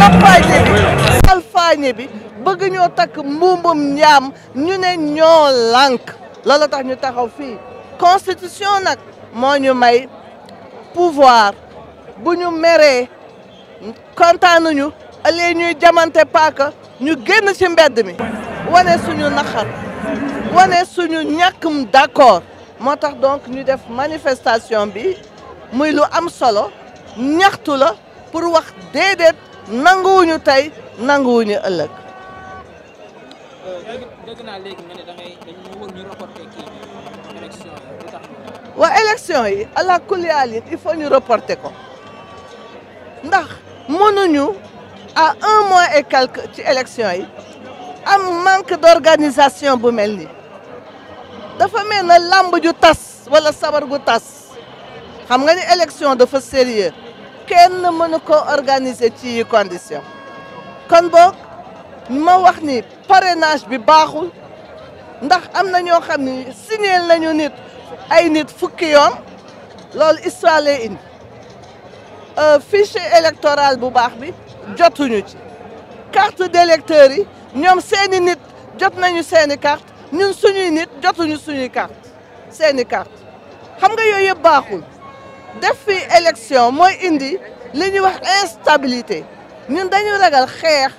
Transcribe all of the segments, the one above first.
nappaaje bi salfaañe bi bëgg ñoo takk mbuumbum ñaam ñu ne ñoo lànk loolu tax ñu taxaw fii constitution nag moo ñu may pouvoir bu ñu meree kontaanuñu ëllëg ñuy jamante paaka ñu génn ci mbedd mi wane suñu naxar wane suñu ñàkkum d'accord moo tax donc ñu def manifestation bi muy lu am solo ñaxtu la pour wax déedéet nanguwuñu tey nanguwuñu ëllëg. dégg naa léegi nga yi lu tax. waa il faut ñu reporter ko ndax mënuñu à un mois et ci élection yi am manque d'organisation bu mel ni dafa mel na làmb ju tas wala sabar gu tas xam nga ni élection dafa sérieux kenn mënu ko organiser ci yi condition kon boog ma wax ni parrainage bi baaxul ndax am na ñoo xam ne signé nañu nit ay nit fukki yoon loolu histoire lay indi euh, fichier bu baax bi jotuñu ci carte d'électeur yi ñoom seeni nit jot nañu seeni carte ñun suñuy nit jotuñu suñuy carte seeni carte xam nga yooyu yëpp baaxul def fi mooy indi li ñuy wax instabilité ñun dañu ragal xeex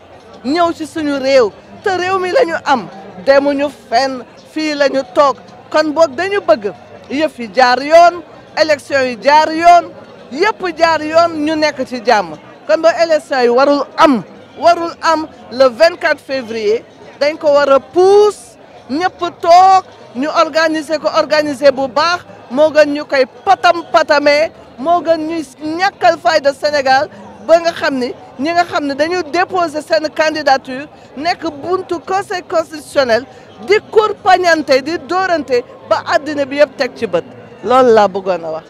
ñëw ci suñu réew te réew mi lañu am demuñu fenn fii la ñu toog kan book dañu bëgg yëf yi jaar yoon élection yu jaar yoon yëpp jaar yoon ñu nekk ci jàmm kan boog élection yi warul am warul am le 24 février dañ ko war a puus ñëpp toog ñu organiser ko organiser bu baax moo gën ñu kay patam patamee moo gën ñuy ñàkkal fayda Sénégal ba nga xam ni ñi nga xam ne dañu déposer seen candidature nekk buntu conseil constitutionnel di kurpañante di dóorante ba àddina bi yëpp teg ci bët loolu laa bëggoon a wax